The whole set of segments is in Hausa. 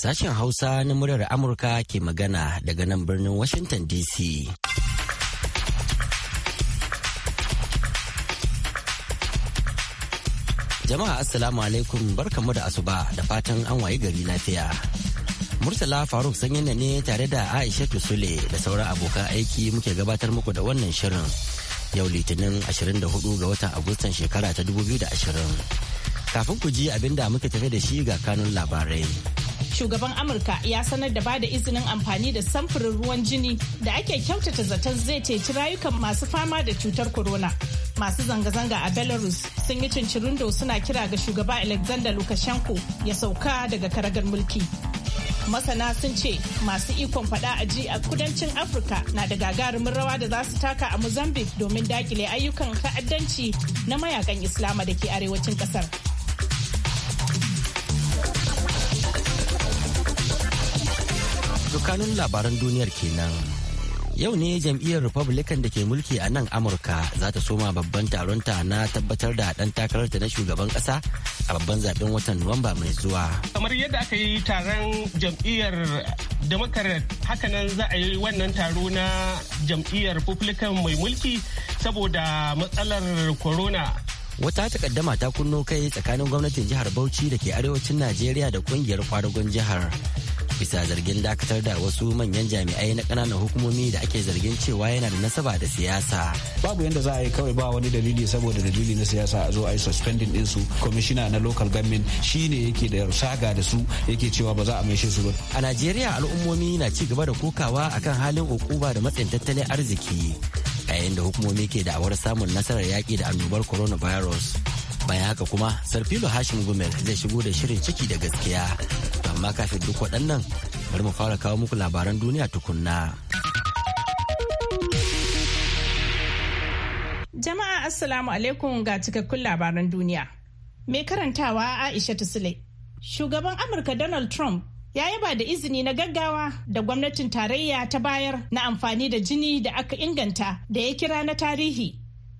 Sashen Hausa na muryar Amurka ke magana daga nan birnin Washington DC. Jama'a Assalamu alaikum barkamu da asuba da fatan an wayi gari lafiya. Murtala Faruk sanyina ne tare da Aisha Sule da sauran abokan aiki muke gabatar muku da wannan shirin. Yau Litinin 24 ga watan Agustan shekara ta 2020. Kafin ku ji abin da muke tafi da shi ga kanun labarai. shugaban amurka ya sanar da bada izinin amfani da samfurin ruwan jini da ake kyautata zaton zai ceci rayukan masu fama da cutar corona masu zanga-zanga a belarus sun yi cincirindo suna kira ga shugaba alexander lukashenko ya sauka daga karagar mulki masana sun ce masu ikon fada a ji a kudancin afirka na da gagarumin rawa da za su taka a mozambique domin dakile ayyukan ta'addanci na mayakan islama da ke arewacin kasar kanun labaran duniyar kenan. Yau ne jam'iyyar Republican da ke mulki a nan Amurka za ta soma babban taronta na tabbatar da ɗan takararta na shugaban ƙasa a babban zaben watan Nuwamba mai zuwa. Kamar yadda aka yi taron jam'iyyar Democrat hakanan za a yi wannan taro na jam'iyyar Republican mai mulki saboda matsalar corona. wata takaddama ta kunno kai tsakanin gwamnatin jihar bauchi da ke arewacin najeriya da kungiyar kwadagon jihar bisa zargin dakatar da wasu manyan jami'ai na ƙananan hukumomi da ake zargin cewa yana da nasaba da siyasa. Babu yadda za a yi kawai ba wani dalili saboda dalili na siyasa a zo a yi suspending din su kwamishina na local government shine yake da saga da su yake cewa ba za a maishe su ba. A Najeriya al'ummomi na ci gaba da kokawa akan halin ukuba da matsin tattalin arziki yayin da hukumomi ke da awar samun nasarar yaƙi da annobar coronavirus. Bayan haka kuma, Sarfilo Hashim Gumel zai shigo da shirin ciki da gaskiya amma kafin duk waɗannan bari mu fara kawo muku labaran duniya tukunna. Jama'a Assalamu alaikum ga cikakkun labaran duniya. Mai karantawa Aisha Sule. Shugaban Amurka Donald Trump ya yaba da izini na gaggawa da gwamnatin tarayya ta bayar na amfani da jini da aka inganta da ya kira na tarihi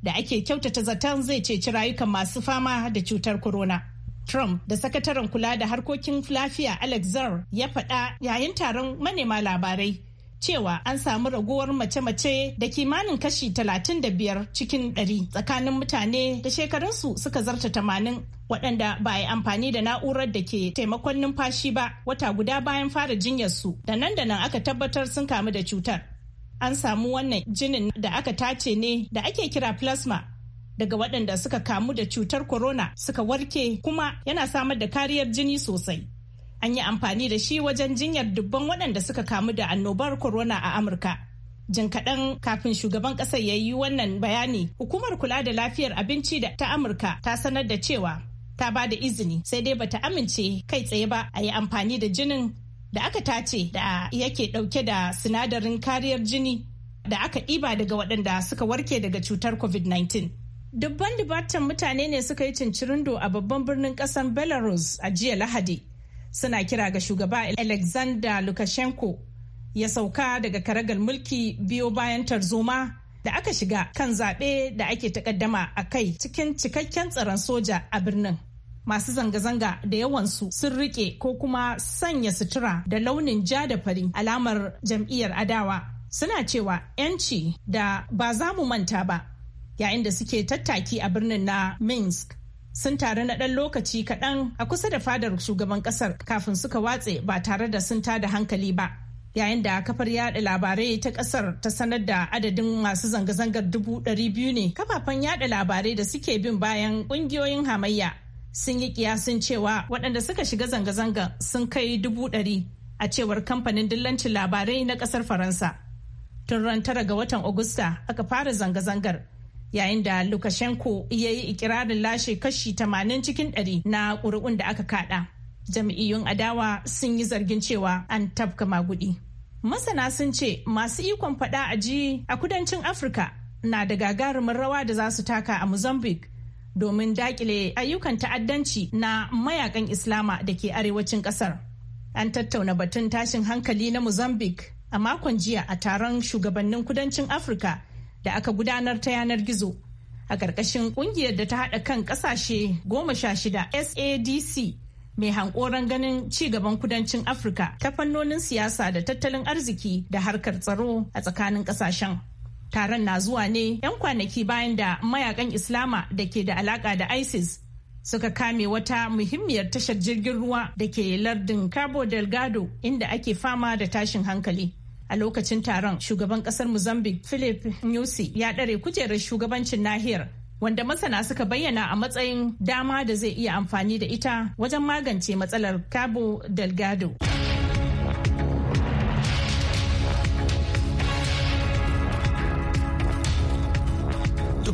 da ake kyautata zaton zai ceci rayukan masu fama da cutar corona. Trump da sakataren kula da harkokin lafiya Alex Zarr ya faɗa yayin taron manema labarai cewa an samu ragowar mace-mace da kimanin kashi 35 cikin 100 tsakanin mutane da shekarunsu suka zarta tamanin, waɗanda ba a yi amfani da na'urar da ke taimakon numfashi ba wata guda bayan fara jinyarsu da nan da nan aka tabbatar sun kamu da cutar. An samu wannan jinin da aka tace ne da ake kira plasma daga waɗanda suka kamu da cutar corona suka warke kuma yana samar da kariyar jini sosai. An yi amfani da shi wajen jinyar dubban waɗanda suka kamu da annobar corona a Amurka. Jin kaɗan kafin shugaban ƙasar ya yi wannan bayani, hukumar kula da lafiyar abinci da ta Amurka ta sanar da cewa ta ba da izini sai dai bata amince kai tsaye ba a yi amfani da jinin da aka tace da yake ɗauke da sinadarin kariyar jini da aka ɗiba daga waɗanda suka warke daga cutar covid-19 Dubban dubatan mutane ne suka yi cincirindo a babban birnin kasar Belarus a jiya Lahadi. Suna kira ga shugaba Alexander Lukashenko ya sauka daga karagar mulki biyo bayan tarzoma da aka shiga kan zaɓe da ake takaddama a kai cikin cikakken tsaron soja a birnin. Masu zanga-zanga da yawansu sun rike ko kuma sanya sutura da launin ja da fari alamar jam'iyyar adawa. Suna cewa 'yanci da ba za mu manta ba yayin da suke tattaki a birnin na Minsk. Sun taru na ɗan lokaci kaɗan a kusa da fadar shugaban ƙasar kafin suka watse ba tare da sun tada hankali ba. Yayin da kafar yada labarai ta ƙasar ta sanar da adadin masu zanga-zangar dubu ɗari biyu ne kafafen yada labarai da suke bin bayan ƙungiyoyin hamayya sun yi kiyasin cewa waɗanda suka shiga zanga-zanga sun kai dubu ɗari a cewar kamfanin dillancin labarai na ƙasar faransa tun ran tara ga watan agusta aka fara zanga-zangar yayin da lukashenko ya yi ikirarin lashe kashi 80 cikin 100 na ƙuri'un da aka kada jam'iyyun adawa sun yi zargin cewa an tafka magudi masana sun ce masu ikon faɗa a ji a kudancin afirka na da gagarumin rawa da za su taka a mozambique domin dakile ayyukan ta'addanci na mayakan islama da ke arewacin kasar an tattauna batun tashin hankali na mozambique a makon jiya a taron shugabannin kudancin afirka da aka gudanar ta yanar gizo a ƙarƙashin ƙungiyar da ta haɗa kan ƙasashe goma sha shida sadc mai hankoron ganin ci gaban kudancin afirka ta fannonin siyasa da tattalin arziki da harkar tsaro a tsakanin ƙasashen taron na zuwa ne 'yan kwanaki bayan da mayakan islama da ke da alaƙa da isis suka kame wata muhimmiyar tashar jirgin ruwa da ke lardin cabo delgado inda ake fama da tashin hankali a lokacin taron shugaban kasar mozambique philip nyusi ya ɗare kujerar shugabancin nahiyar wanda masana suka bayyana a matsayin dama da zai iya amfani da ita wajen magance matsalar cabo delgado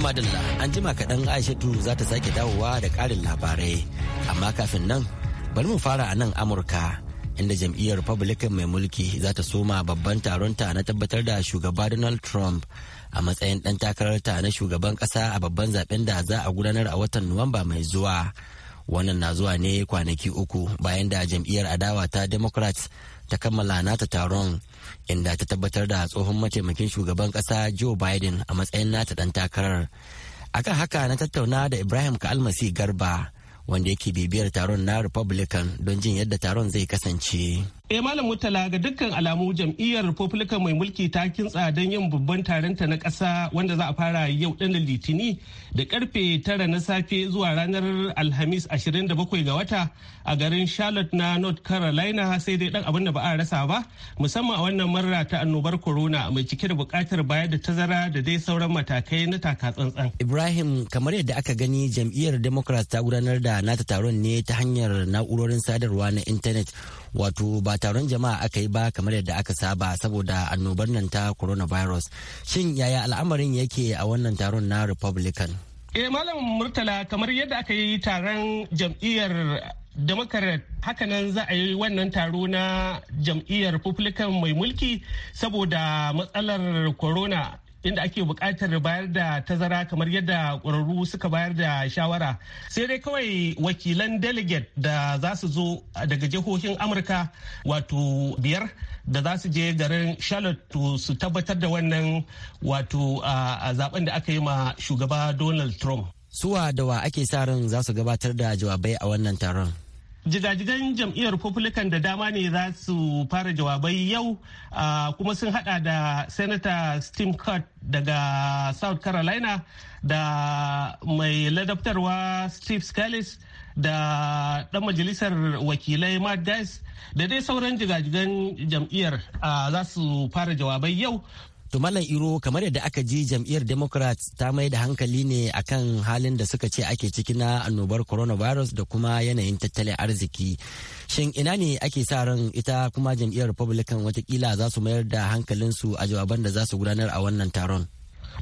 madalla an jima kaɗan aishatu za ta sake dawowa da ƙarin labarai amma kafin nan bari mu fara a nan amurka inda jam'iyyar republican mai mulki za ta soma babban taronta na tabbatar da shugaba donald trump a matsayin ɗan takararta na shugaban ƙasa a babban zaben da za a gudanar a watan nuwamba mai zuwa wannan na zuwa ne kwanaki uku bayan da jam'iyyar adawa ta democrats ta kammala nata taron inda ta tabbatar da tsohon mataimakin shugaban ƙasa joe biden a matsayin nata ɗan takarar akan haka na tattauna da ibrahim kalmasi garba wanda yake bibiyar taron na republican don jin yadda taron zai kasance Eh Malam Murtala ga dukkan alamu jam'iyyar Republican mai mulki ta kintsa don yin babban taron ta na kasa wanda za a fara yau ɗan Litini da karfe tara na safe zuwa ranar Alhamis 27 ga wata a garin Charlotte na North Carolina sai dai ɗan abin da ba a rasa ba musamman a wannan marra ta annobar corona mai cike da buƙatar bayar da tazara da dai sauran matakai na taka tsantsan. Ibrahim kamar yadda aka gani jam'iyyar Democrat ta gudanar da nata taron ne ta hanyar na'urorin sadarwa na intanet wato ba taron jama'a aka yi ba kamar yadda aka saba saboda annobar nan ta coronavirus shin yaya al'amarin yake a wannan taron na republican eh malam murtala kamar yadda aka yi taron jam'iyyar democrat hakanan za a yi wannan taro na jam'iyyar republican mai mulki saboda matsalar corona inda ake buƙatar bayar da tazara kamar yadda ƙwararru suka bayar da shawara sai dai kawai wakilan delegate da za su zo daga jihohin amurka wato biyar da za su je garin charlotte su tabbatar da wannan wato a zaben da aka yi ma shugaba donald trump suwa da wa ake sa ran za su gabatar da jawabai a wannan taron jigajigan jam'iyyar republican da dama ne za su fara jawabai yau kuma sun hada da senator steve Cott daga south carolina da mai ladabtarwa steve scalise da dan majalisar wakilai matt Gaetz da dai sauran jigajigan jam'iyyar za su fara jawabai yau To Malam Iro kamar yadda aka ji jam'iyyar Democrat ta mai da hankali ne akan halin da suka ce ake ciki na annobar coronavirus da kuma yanayin tattalin arziki. Shin ina ne ake sa ran ita kuma jam'iyyar Republican watakila za su mayar da hankalinsu a jawaban da za su gudanar a wannan taron?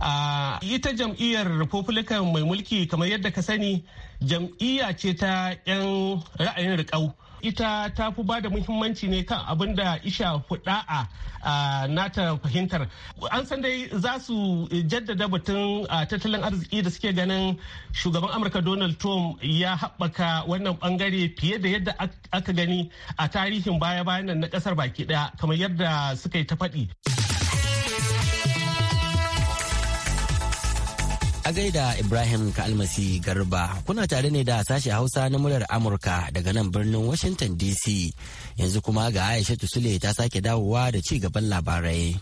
a uh, ita jam'iyyar republican mai mulki kamar yadda ka sani jam'iyya ce ta 'yan ra'ayin riƙau ita ta fi ba da muhimmanci ne kan abin da isha a nata fahimtar an san dai za su jaddada batun tattalin arziki da suke ganin shugaban amurka donald trump ya haɓaka wannan bangare fiye da yadda aka gani a tarihin baya-bayan na ƙasar baki ɗaya kamar yadda suka yi ta faɗi. A gaida Ibrahim Kalmasi Garba kuna tare ne da sashe Hausa na muryar Amurka daga nan birnin Washington DC. Yanzu kuma ga Aisha Sule ta sake dawowa da ci gaban labarai.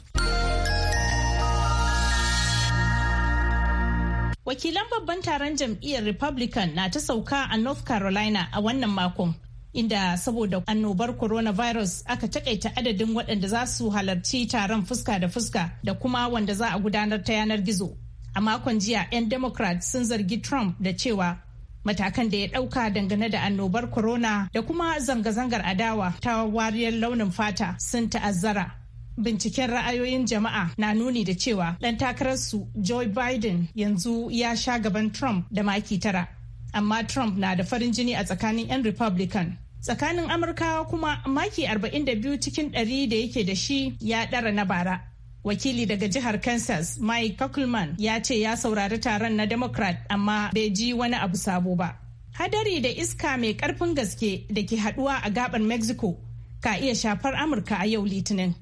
Wakilan babban taron jam'iyyar Republican na ta sauka a North Carolina a wannan makon. Inda saboda annobar coronavirus aka takaita adadin waɗanda za su halarci taron fuska da fuska da kuma wanda za a gudanar ta yanar gizo. a makon jiya 'yan democrat sun zargi trump da cewa matakan da ya dauka dangane da annobar corona da kuma zanga-zangar adawa ta wariyar launin fata sun ta'azzara binciken ra'ayoyin jama'a na nuni da cewa ɗan takararsu joe biden yanzu ya sha gaban trump da maki tara amma trump na da farin jini a tsakanin 'yan republican tsakanin Amurka kuma maki 42 cikin 100 da yake da shi ya ɗara na bara wakili daga jihar kansas mike kuckelman ya ce ya saurari taron na democrat amma bai ji wani abu sabo ba hadari da iska mai karfin gaske da ke haduwa a gabar mexico ka iya shafar amurka a yau litinin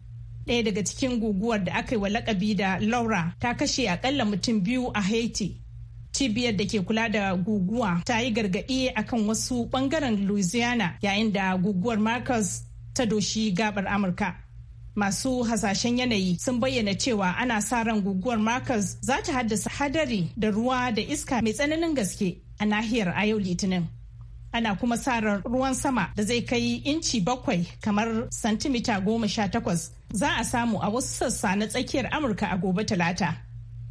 ɗaya daga cikin guguwar da aka yi wa lakabi da laura ta kashe akalla mutum biyu a haiti cibiyar da ke kula da guguwa ta yi gargaɗi akan wasu ɓangaren louisiana yayin da guguwar marcus ta doshi gabar amurka masu hasashen yanayi sun bayyana cewa ana sa ran guguwar marcus za ta haddasa hadari da ruwa da iska mai tsananin gaske a nahiyar a yau litinin ana kuma sa ran ruwan sama da zai kai inci bakwai kamar santimita goma sha takwas za a samu a wasu sassa na tsakiyar amurka a gobe talata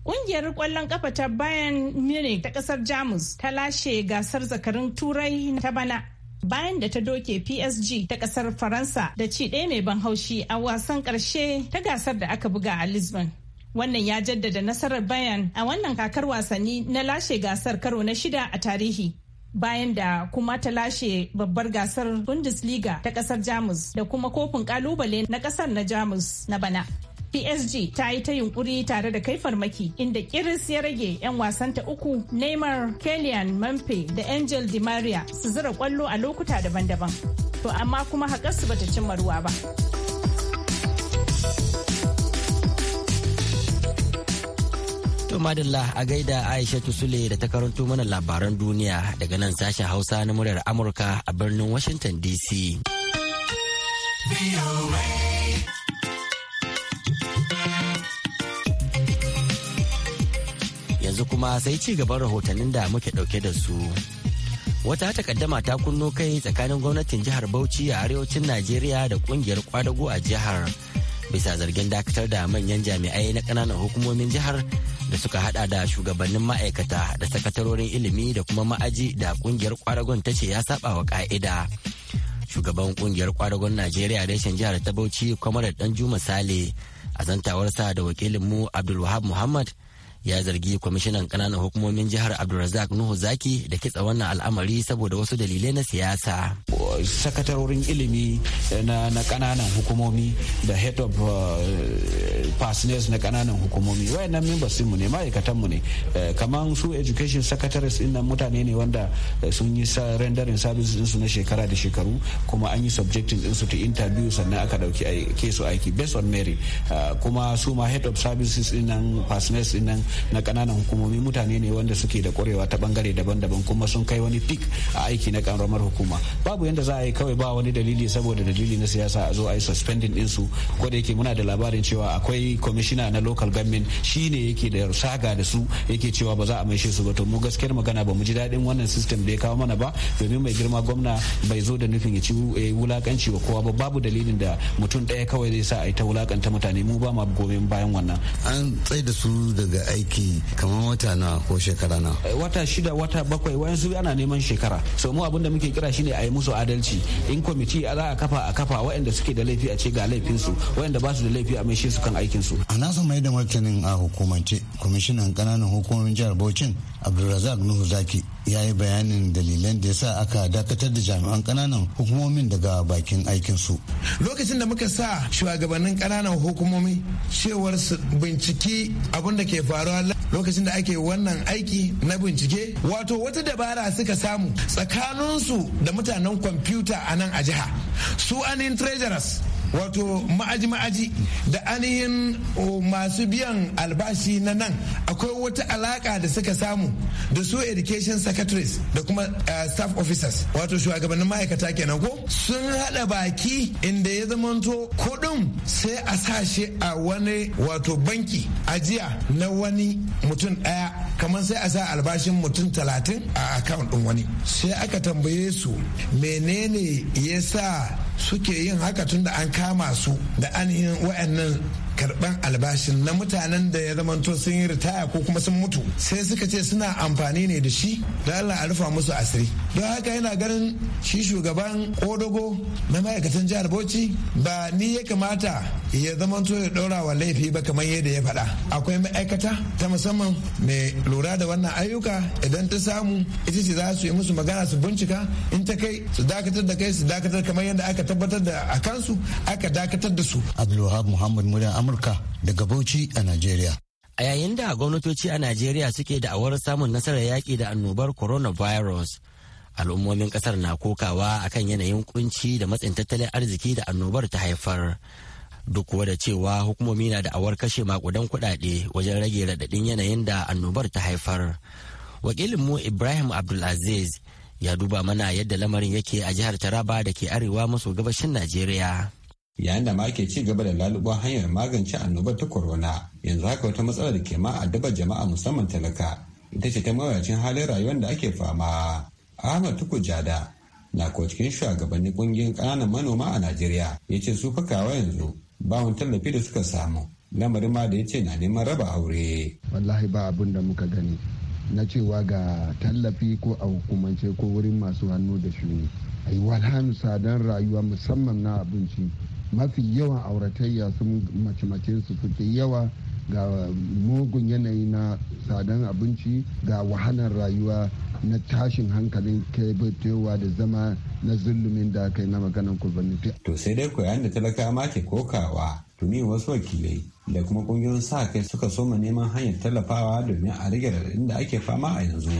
Ƙungiyar ƙwallon ƙafa ta bayan Munich ta ƙasar Jamus ta lashe gasar zakarin Turai ta bana bayan da ta doke PSG ta kasar Faransa da ci ɗaya mai ban haushi a wasan ƙarshe ta gasar da aka buga a Lisbon. Wannan ya jaddada nasarar Bayan a wannan kakar wasanni na lashe gasar karo na shida a tarihi. Bayan da kuma ta lashe babbar gasar Bundesliga ta kasar Jamus da kuma kofin ƙalubale na kasar na Jamus na bana. PSG ta yi ta yunkuri tare da kai farmaki inda kiris ya rage 'yan wasanta uku Neymar, Kylian Mbappe da Angel Di Maria su zira kwallo a lokuta daban-daban. To amma kuma haƙar su bata cimma ruwa ba. To madalla a gaida Aisha Sule da ta karanto mana labaran duniya daga nan sashen Hausa na muryar Amurka a birnin Washington DC. yanzu kuma sai ci gaban rahotannin da muke dauke da su wata takaddama ta kunno kai tsakanin gwamnatin jihar bauchi a arewacin najeriya da kungiyar kwadago a jihar bisa zargin dakatar da manyan jami'ai na kananan hukumomin jihar da suka hada da shugabannin ma'aikata da sakatarorin ilimi da kuma ma'aji da kungiyar kwadagon ta ce ya saba wa ka'ida shugaban kungiyar kwadagon najeriya reshen jihar ta bauchi da ɗan juma sale a zantawarsa da wakilinmu abdulwahab muhammad ya zargi kwamishinan kananan hukumomin jihar abdulrazak nuhu zaki da kitsa wannan al'amari saboda wasu dalilai na siyasa sakatarorin ilimi na, na kananan hukumomi da head of uh, na kananan hukumomi wayannan members mu ne ma'aikatan mu ne eh, kamar su education secretaries din nan mutane ne wanda eh, sun yi rendering services din su na shekara da shekaru kuma an yi subjecting din su to interview sannan aka dauki kesu aiki based on merit eh, kuma su ma head of services din nan personnel din nan na kananan hukumomi mutane ne wanda suke da kwarewa ta bangare daban-daban kuma sun kai wani pik a aiki na karamar hukuma babu yadda za a yi kawai ba wani dalili saboda dalili na siyasa a zo a yi suspending din su ko da yake muna da labarin cewa akwai kwamishina na local government shine yake da saga da su yake cewa ba za a maishe su ba to mu gaskiyar magana ba mu ji daɗin wannan system da ya kawo mana ba domin mai girma gwamna bai zo da nufin ya ci eh, wulakanci wa kowa ba babu dalilin da mutum daya kawai zai sa a yi ta wulakanta mutane mu ba ma goyon bayan wannan an tsaye da su daga aiki kamar wata na ko shekara na. Eh, wata shida wata bakwai wayansu ana neman shekara so mu abin da muke kira shine a yi musu adalci in kwamiti za a kafa a kafa waɗanda suke da laifi a ce ga laifinsu waɗanda ba su da laifi a mai su kan aikinsu a nasa mai da martanin a hukumance kwamishinan kananan hukumomin jihar Bauchin Abdulrazak Nuhu Zaki ya yi bayanin dalilan da ya sa aka dakatar da jami'an kananan hukumomin daga bakin aikinsu. Lokacin da muka sa shugabannin kananan hukumomi cewar su binciki abin da ke faruwa lokacin da ake wannan aiki na bincike wato wata dabara suka samu tsakaninsu da mutanen kwamfuta a nan a jiha su anin treasurers wato ma'aji ma'aji da ainihin masu biyan albashi na nan akwai wata alaka da suka samu da su education secretaries da kuma eh, staff officers wato shugabannin ma'aikata kenan ko sun hada baki inda ya zamanto kudin sai a sashe a wani wato banki ajiya na wani mutum daya kamar sai a sa albashin mutum talatin a account din wani sai aka tambaye su menene ya sa suke yin haka tun da an kama su da ainihin wa'annan karban albashin na mutanen da ya zamanto sun yi ritaya ko kuma sun mutu sai suka ce suna amfani ne da shi da Allah a rufa musu asiri don haka yana ganin shi shugaban kodogo na ma'aikatan jihar Bauchi ba ni ya kamata ya zamanto ya ɗora wa laifi ba kamar yadda ya faɗa akwai ma'aikata ta musamman mai lura da wannan ayyuka idan ta samu ita ce za su yi musu magana su bincika in ta kai su dakatar da kai su dakatar kamar yadda aka tabbatar da a kansu aka dakatar da su abdulwahab muhammad muryan amurka daga bauchi a nigeria a yayin da gwamnatoci a najeriya suke da awar samun nasarar yaƙi da annobar coronavirus al'ummomin ƙasar na kokawa akan yanayin kunci da matsin tattalin arziki da annobar ta haifar duk da cewa hukumomi na da awar kashe makudan kuɗaɗe wajen rage raɗaɗin yanayin da annobar ta haifar wakilin mu ibrahim abdulaziz ya duba mana yadda lamarin yake a jihar taraba da ke arewa maso gabashin najeriya yayin da ma ke ci gaba da lalubo hanyar magance annobar ta corona yanzu haka wata matsalar da ke ma addabar jama'a musamman talaka ita ce ta mawuyacin halin rayuwar da ake fama ahmad tuku jada na ko cikin shugabannin kungiyar kananan manoma a najeriya ya ce su fa fakawa yanzu ba wani tallafi da suka samu lamarin ma da ya ce na neman raba aure wallahi ba abun da muka gani na cewa ga tallafi ko a hukumance ko wurin masu hannu da shuni a yi don rayuwa musamman na abinci mafi yawan auratayya sun mace-mace su suke yawa ga mugun yanayi na sadan abinci ga wahalar rayuwa na tashin hankalin kebetewa da zama na zulumin da aka yi na maganan kubaniti. To sai dai koyan da talaka ma ke kokawa tuni wasu wakilai da kuma kungiyoyin sa kai suka soma neman hanyar tallafawa domin a rage raɗaɗin da ake fama a yanzu.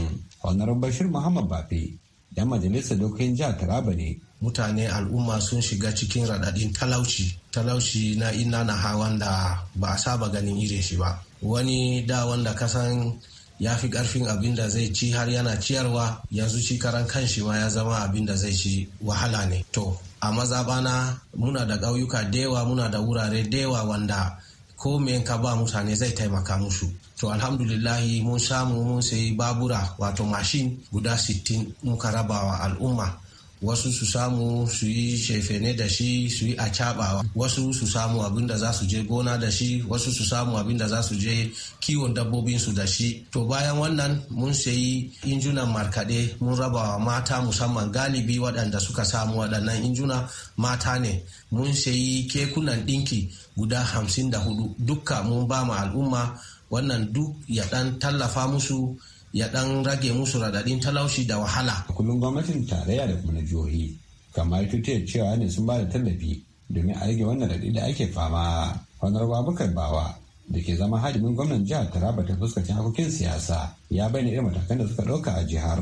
Honorable Bashir Muhammad Bafe, yan majalisar dokokin jihar Taraba ne mutane al'umma sun shiga cikin raɗaɗin talauci talauci na ina na hawan da ba a saba ganin irin shi ba wani da wanda kasan ya fi ƙarfin abin da zai ci har yana ciyarwa yanzu ci karan kan shi ma ya zama abin da zai ci wahala ne to a maza bana muna da ƙauyuka dewa muna da wurare dewa wanda ko me ka ba mutane zai taimaka musu to alhamdulillahi mun samu mun sayi babura wato mashin guda 60 muka rabawa al'umma wasu su samu su yi shefene da shi su yi acabawa wasu su samu abin da za su je gona da shi wasu su samu abin da za su je kiwon dabbobinsu da shi to bayan wannan mun sayi injunan markaɗe mun raba wa mata musamman galibi waɗanda suka samu waɗannan injuna mata ne mun sayi kekunan ɗinki guda hamsin da hudu dukka mun ba ma al'umma wannan duk ya ɗan tallafa musu ya dan rage musu radadin talaushi da wahala. Kullum gwamnatin tarayya da kuma na jihohi kamar tutiyar cewa ne sun ba da tallafi domin a rage wannan raɗi da ake fama. Honorable Abubakar Bawa da ke zama hadimin gwamnan jihar Taraba ta fuskacin harkokin siyasa ya bayyana irin matakan da suka ɗauka a jihar.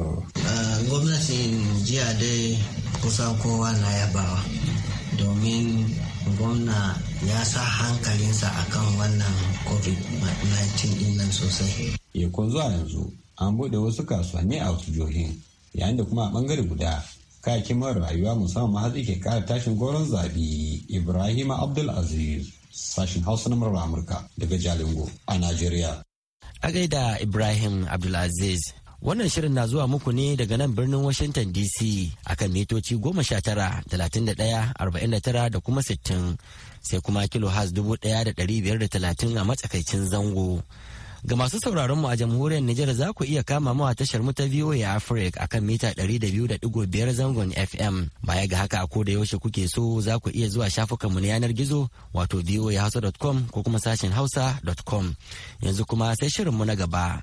Gwamnatin jiya dai kusan kowa na yabawa domin gwamna ya sa hankalinsa akan wannan covid-19 ɗin nan sosai. Yakon zuwa yanzu an buɗe wasu kasuwanni a wasu jihohin yayin da kuma a bangare guda kayakin mara rayuwa musamman hatsi ke kara tashin goron zabi ibrahim abdul aziz sashin hausa na murar amurka daga jalingo a najeriya a gaida ibrahim abdulaziz wannan shirin na zuwa muku ne daga nan birnin washington dc akan mitoci 19,31,49 da kuma 60 sai kuma kilo has 1,530 a matsakaicin zango Ga masu sauraron mu a jamhuriyar Nijar za ku iya kama mu a tashar mu ta VOA Africa akan mita 200.5 zangon FM. Baya ga haka ko da yaushe kuke so za ku iya zuwa shafukan mu na yanar gizo wato voahausa.com ko kuma sashen hausa.com. Yanzu kuma sai shirin mu na gaba.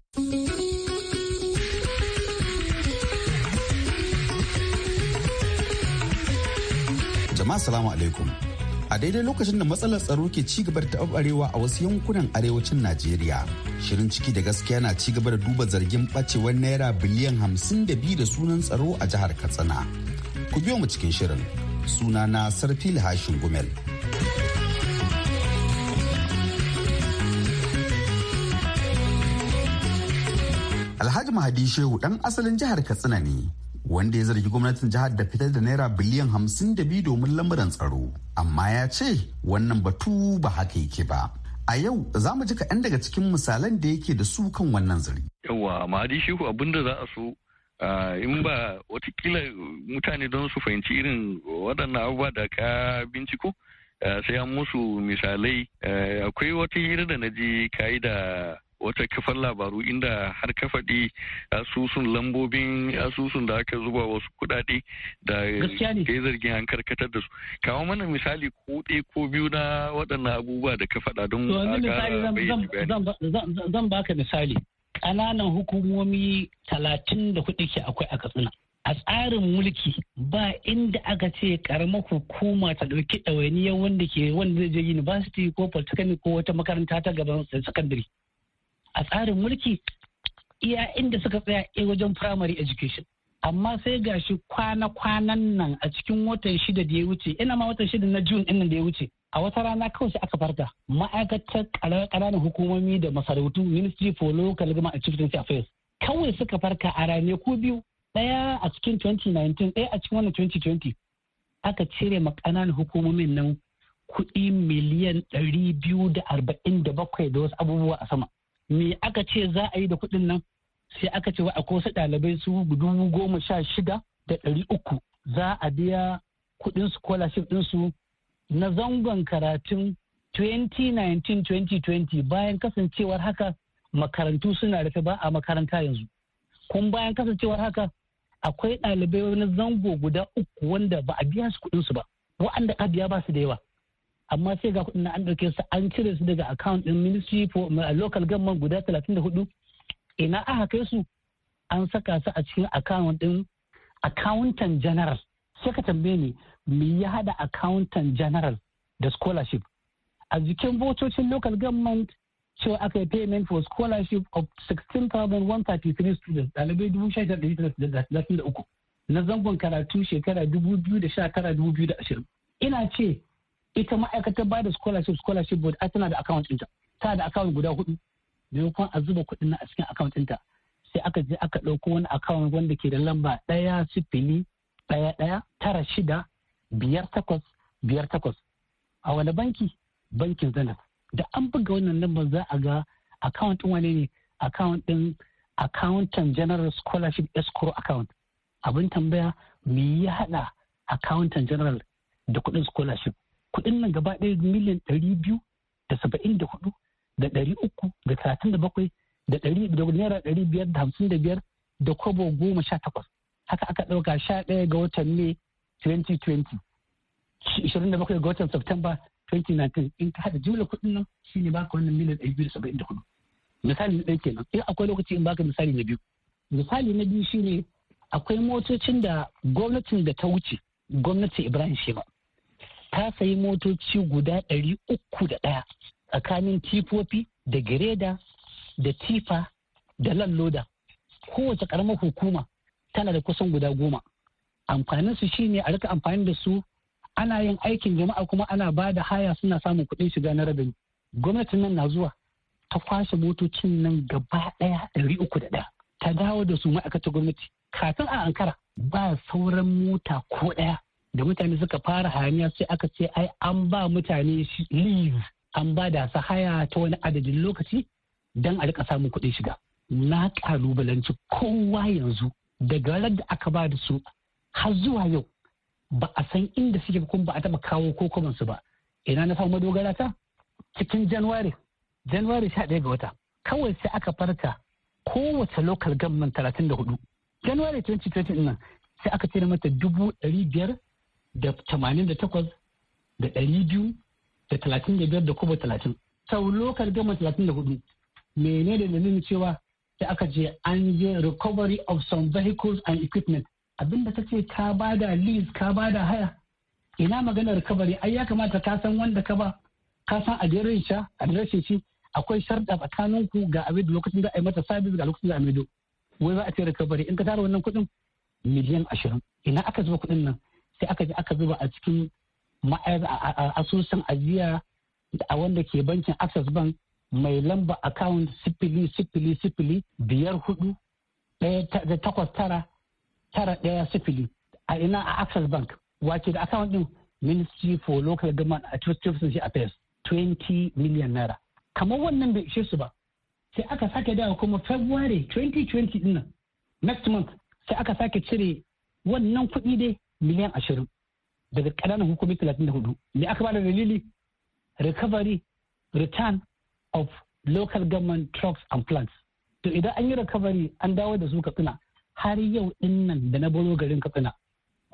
Jama'a salamu alaikum. a daidai lokacin da matsalar tsaro ke ci gaba da taɓarewa a wasu yankunan arewacin najeriya shirin ciki da gaskiya na ci gaba da duba zargin ɓacewar naira biliyan hamsin da biyu da sunan tsaro a jihar katsina ku biyo mu cikin shirin suna na sarfil hashin gumel alhaji mahadi shehu ɗan asalin jihar katsina ne wanda ya zargi gwamnatin jihar da fitar da naira biliyan hamsin da biyu domin lamuran tsaro amma ya ce wannan batu ba haka yake ba a yau za mu ji kaɗan daga cikin misalan da yake da su kan wannan zargi. yawa ma'adi shehu abin da za a so in ba watakila mutane don su fahimci irin waɗannan abubuwa da ka binciko sai an musu misalai akwai wata hira da na ji kayi da wata kafar labaru inda har ka faɗi asusun lambobin asusun da aka zuba wasu kuɗaɗe da ya zargin an karkatar da su kawo mana misali ko ɗaya ko biyu na waɗannan abubuwa da ka faɗa don zan baka misali ƙananan hukumomi talatin da kuɗi ke akwai a katsina a tsarin mulki ba inda aka ce karamar hukuma ta ɗauki ɗawainiya wanda ke wanda zai je university ko polytechnic ko wata makaranta ta gaban sakandare a tsarin mulki iya inda suka tsaya wajen primary education amma sai gashi kwana-kwanan nan a cikin watan shida da ya wuce ina ma watan shida na june ɗin da ya wuce a wata rana kawai sai aka farka ma'aikatar ƙananan hukumomi da masarautu ministry for local government activities affairs kawai suka farka a rane ko biyu ɗaya a cikin 2019 ɗaya a cikin wannan 2020 aka cire ma ƙananan hukumomin nan kuɗi miliyan 247 da wasu abubuwa a sama me aka ce za a yi da kuɗin nan sai aka ce wa a kosa ɗalibai su dubu goma sha shida da ɗari uku za a biya kuɗin scholarship ɗinsu na zangon karatun 2019-2020 bayan kasancewar haka makarantu suna rufe ba a makaranta yanzu kun bayan kasancewar haka akwai ɗalibai na zango guda uku wanda ba a biya su kuɗinsu ba wa'anda a biya ba su da yawa amma sai ga kuɗin na an ɗauke su an cire su daga account ɗin ministry for uh, local government guda 34 ina aka kai su an saka su a cikin account ɗin accountant general sai ka tambaye ni me ya hada accountant general da scholarship a jikin votocin local government cewa aka yi payment for scholarship of 16,133 students ɗalibai 16,133 na zangon karatu shekara 2019-2020 ina ce ita ma'aikatar ba da scholarship scholarship board a tana da account ɗinta ta da account guda hudu maimakon a zuba kuɗin a cikin account ɗinta sai aka je aka ɗauko wani account wanda ke da lamba ɗaya sifili ɗaya ɗaya tara shida biyar takwas biyar takwas a wani banki bankin zanar da an buga wannan lamba za a ga account ɗin wane ne account ɗin accountant general scholarship escrow account abin tambaya me ya haɗa accountant general da kuɗin scholarship kuɗin nan gaba ɗaya miliyan ɗari biyu da saba'in da hudu da ɗari uku da talatin da bakwai da ɗari da naira ɗari biyar da hamsin da biyar da kobo goma sha takwas haka aka ɗauka sha ɗaya ga watan mai 2020 ishirin da bakwai ga watan september 2019 in ka haɗa jimlar kuɗin nan shi ne baka wannan miliyan ɗari biyu da saba'in da hudu misali na ɗaya kenan in akwai lokaci in baka misali na biyu misali na biyu shi ne akwai motocin da gwamnatin da ta wuce gwamnatin ibrahim shema ta sayi motoci guda ɗari uku da ɗaya tsakanin tifofi da gireda da tifa da lalloda kowace ƙaramar hukuma tana da kusan guda goma amfanin su shine a rika amfani da su ana yin aikin jama'a kuma ana ba da haya suna samun kuɗin shiga na rabin gwamnatin nan na zuwa ta kwashe motocin nan gaba ɗaya ɗari uku da ɗaya ta dawo da su ma'aikatar gwamnati kafin a ankara ba sauran mota ko ɗaya da mutane suka fara hayaniya sai aka ce ai an ba mutane leave an ba da su haya ta wani adadin lokaci don a rika samun kuɗin shiga na kalubalanci kowa yanzu daga ranar da aka ba da su har zuwa yau ba a san inda suke kun ba a taba kawo ko su ba ina na samu madogara ta cikin januwari januwari ɗaya ga wata kawai sai aka farta kowace local government hudu januwari 2020 nan sai aka ce na mata dubu ɗari biyar da tamanin da takwas da ɗari biyu da talatin da biyar da kuma talatin. Sau lokal gama talatin da hudu mene da dalilin cewa da aka je an je recovery of some vehicles and equipment abinda ta ce ka ba da lease ka ba da haya ina magana recovery ai ya kamata ka san wanda ka ba ka san adiresha adireshin shi akwai sharda tsakanin ku ga abin da lokacin da a yi mata service ga lokacin da a do. wai za a ce recovery in ka tara wannan kuɗin miliyan ashirin ina aka zuba kuɗin nan sai aka je aka zuba a cikin asusun ajiya a wanda ke bankin access bank mai lamba account sifili sifili sifili biyar hudu ɗaya takwas tara tara ɗaya sifili a ina a access bank wace da account din ministry for local government administration affairs 20 million naira kamar wannan bai ishe su ba sai aka sake dawo kuma february 2020 dinnan next month sai aka sake cire wannan kuɗi dai miliyan ashirin daga ƙananan hukumi talatin da hudu me aka bada dalili recovery return of local government trucks and plants to idan an yi recovery an dawo da su katsina har yau in nan da na baro garin katsina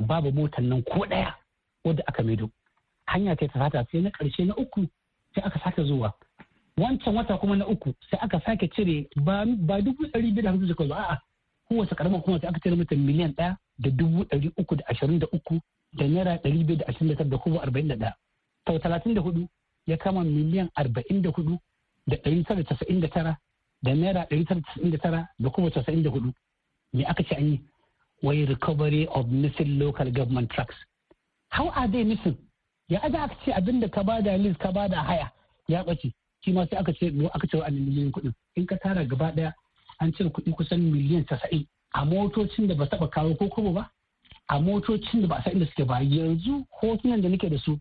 babu motar nan ko ɗaya wadda aka maido hanya ta tafata sai na ƙarshe na uku sai aka sake zuwa wancan wata kuma na uku sai aka sake cire ba dubu ɗari biyu da hamsin a'a kowace karamar kuma sai aka cire mutum miliyan ɗaya da dubu ɗari uku da ashirin da uku da naira ɗari biyu da ashirin da tara da kuma arba'in da ɗaya sau talatin da hudu ya kama miliyan arba'in da hudu da ɗari tara casa'in da tara da naira ɗari tara casa'in da tara da kuma casa'in da hudu me aka ce an yi wai recovery of missing local government tracks how are they missing ya aza aka ce abin da ka bada list ka bada haya ya ɓace shi ma sai aka ce aka ce wa miliyan kuɗin in ka tara gaba ɗaya an cire kuɗi kusan miliyan casa'in a motocin da ba taɓa kawo ko kobo ba a motocin da ba a san inda suke ba yanzu hotunan da nake da su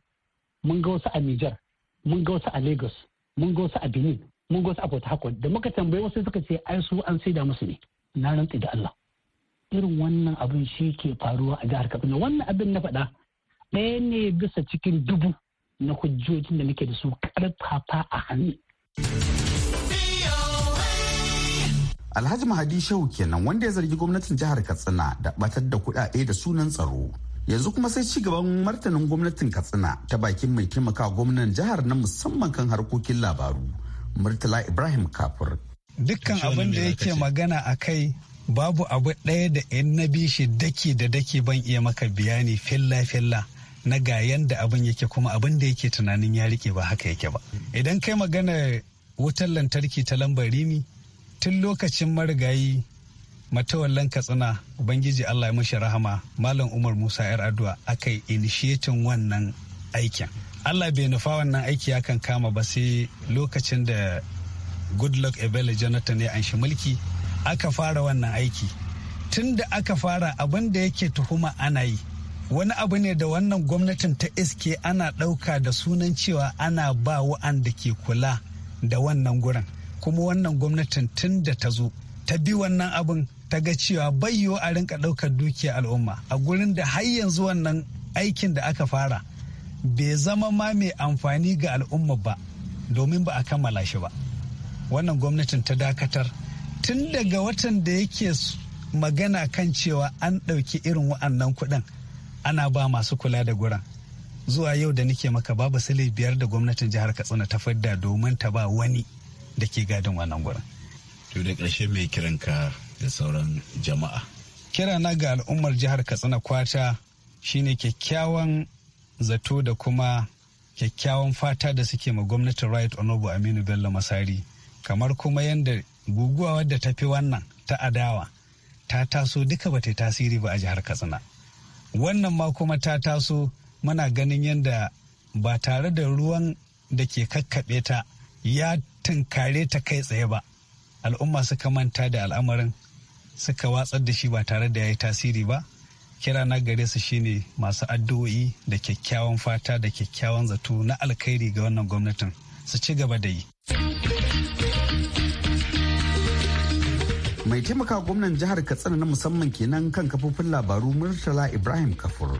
mun ga wasu a Niger, mun ga wasu a Lagos mun ga wasu a Benin mun ga wasu a Port Harcourt da muka tambaye wasu suka ce ai su an saida musu ne na rantsi da Allah irin wannan abin shi ke faruwa a jihar Kaduna wannan abin na faɗa ɗaya ne bisa cikin dubu na hujjojin da nake da su ƙarfafa a hannu. Alhaji Mahadi Shehu kenan wanda ya zargi gwamnatin jihar Katsina da batar da kuɗaɗe da sunan tsaro. Yanzu kuma sai cigaban martanin gwamnatin Katsina ta bakin mai taimaka gwamnan jihar na musamman kan harkokin labaru. Murtala Ibrahim Kafur. Dukkan abin da yake magana a kai babu abu ɗaya da in na bi shi daki da daki ban iya maka bayani filla-filla. na ga yanda abin yake kuma abin da yake tunanin ya rike ba haka yake ba idan kai magana wutar lantarki ta lambar rimi tun lokacin marigayi matawallan katsina ubangiji allah ya mashi rahama malam umar musa yar addu'a aka yi wannan aikin allah bai nufa wannan aiki ya kan kama ba sai lokacin da goodluck ebele jonathan ya anshi mulki aka fara wannan aiki tun da aka fara abin da yake tuhuma ana yi wani abu ne da wannan gwamnatin ta iske ana ɗauka da sunan cewa ana ba wa'anda ke kula da wannan gurin kuma wannan gwamnatin tun da ta zo ta bi wannan abin ta ga cewa bayyo a rinka ɗaukar dukiya al'umma a gurin da har yanzu wannan aikin da aka fara bai zama ma mai amfani ga al'umma ba domin ba a kammala shi ba wannan gwamnatin ta dakatar tun daga watan da yake magana kan cewa an ɗauki irin wa'annan kuɗin ana ba masu kula da guran zuwa yau da nake maka babu sili biyar da gwamnatin jihar katsina ta fadda domin ta ba wani da ke gadin wannan gurin. To da ƙarshe mai kiranka da sauran jama'a. Kirana ga al'ummar jihar Katsina kwata shine kyakkyawan zato da kuma kyakkyawan fata da suke ma gwamnatin Right Honorable Aminu Bello Masari. Kamar kuma yadda guguwa wadda ta fi wannan ta adawa ta taso duka ba ta tasiri ba a jihar Katsina. Wannan ma kuma ta taso muna ganin yadda ba tare da ruwan da ke kakkaɓe ta ya tunkare ta kai tsaye ba al'umma suka manta da al'amarin suka watsar da shi ba tare da ya yi tasiri ba kira na gare su shine masu addu'o'i da kyakkyawan fata da kyakkyawan zato na alkhairi ga wannan gwamnatin su ci gaba da yi mai taimaka gwamnan jihar katsina na musamman kenan kan kafofin labaru murtala ibrahim kafur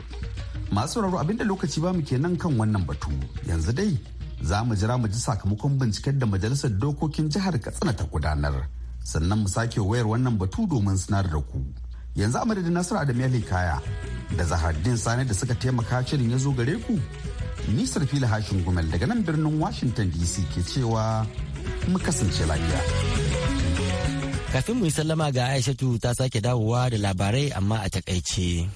masu sauraro abinda lokaci ba mu kenan kan wannan batu yanzu dai za mu jira mu ji sakamakon binciken da majalisar dokokin jihar katsina ta gudanar sannan mu sake wayar wannan batu domin sanar da ku yanzu a madadin nasiru adam kaya da zahardin sani da suka taimaka shirin ya zo gare ku ni sarfila hashin gumel daga nan birnin washington dc ke cewa mu kasance lafiya kafin mu yi sallama ga aishatu ta sake dawowa da labarai amma a takaice.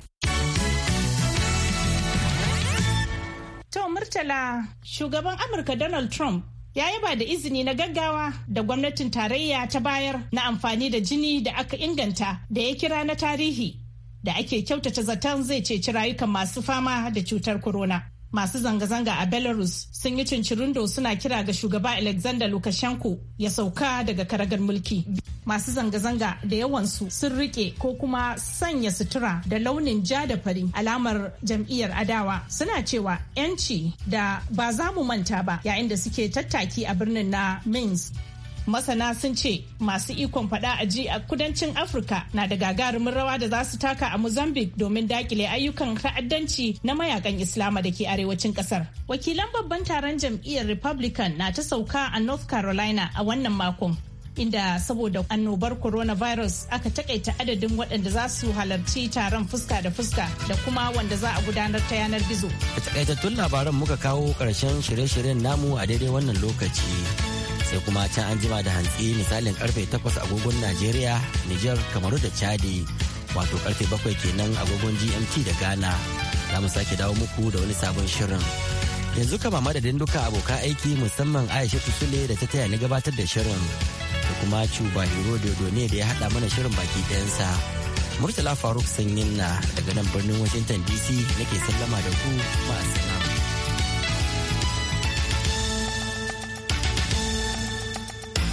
Murtala, shugaban Amurka Donald Trump ya yaba da izini na gaggawa da gwamnatin tarayya ta bayar na amfani da jini da aka inganta da ya kira na tarihi da ake kyautata zaton zai ceci rayukan masu fama da cutar corona. masu zanga-zanga a belarus sun yi cincirindo suna kira ga shugaba alexander lukashenko ya sauka daga karagar mulki masu zanga-zanga da yawansu sun rike ko kuma sanya sutura da launin ja da fari alamar jam'iyyar adawa suna cewa 'yanci da ba za mu manta ba yayin da suke tattaki a birnin na minsk masana sun ce masu ikon faɗa a ji a kudancin afirka na da gagarumin rawa da za su taka a mozambique domin dakile ayyukan ta'addanci na mayakan islama da ke arewacin kasar wakilan babban taron jam'iyyar republican na ta sauka a north carolina a wannan makon inda saboda annobar coronavirus aka takaita adadin waɗanda za su halarci taron fuska da fuska da kuma wanda za a gudanar ta yanar gizo. takaitattun labaran muka kawo ƙarshen shirye-shiryen namu a daidai wannan lokaci. sai kuma can an jima da hantsi misalin karfe 8 agogon Najeriya, niger Kamaru da Chadi wato karfe 7 kenan agogon GMT da Ghana. Za mu sake dawo muku da wani sabon shirin. Yanzu kama madadin duka abokan aiki musamman Aisha Tusule da ta taya ni gabatar da shirin. Da kuma Cuba Hero ne da ya haɗa mana shirin baki ɗayansa. Murtala Faruk Sanyin na daga nan birnin Washington DC nake sallama da ku ma'asana.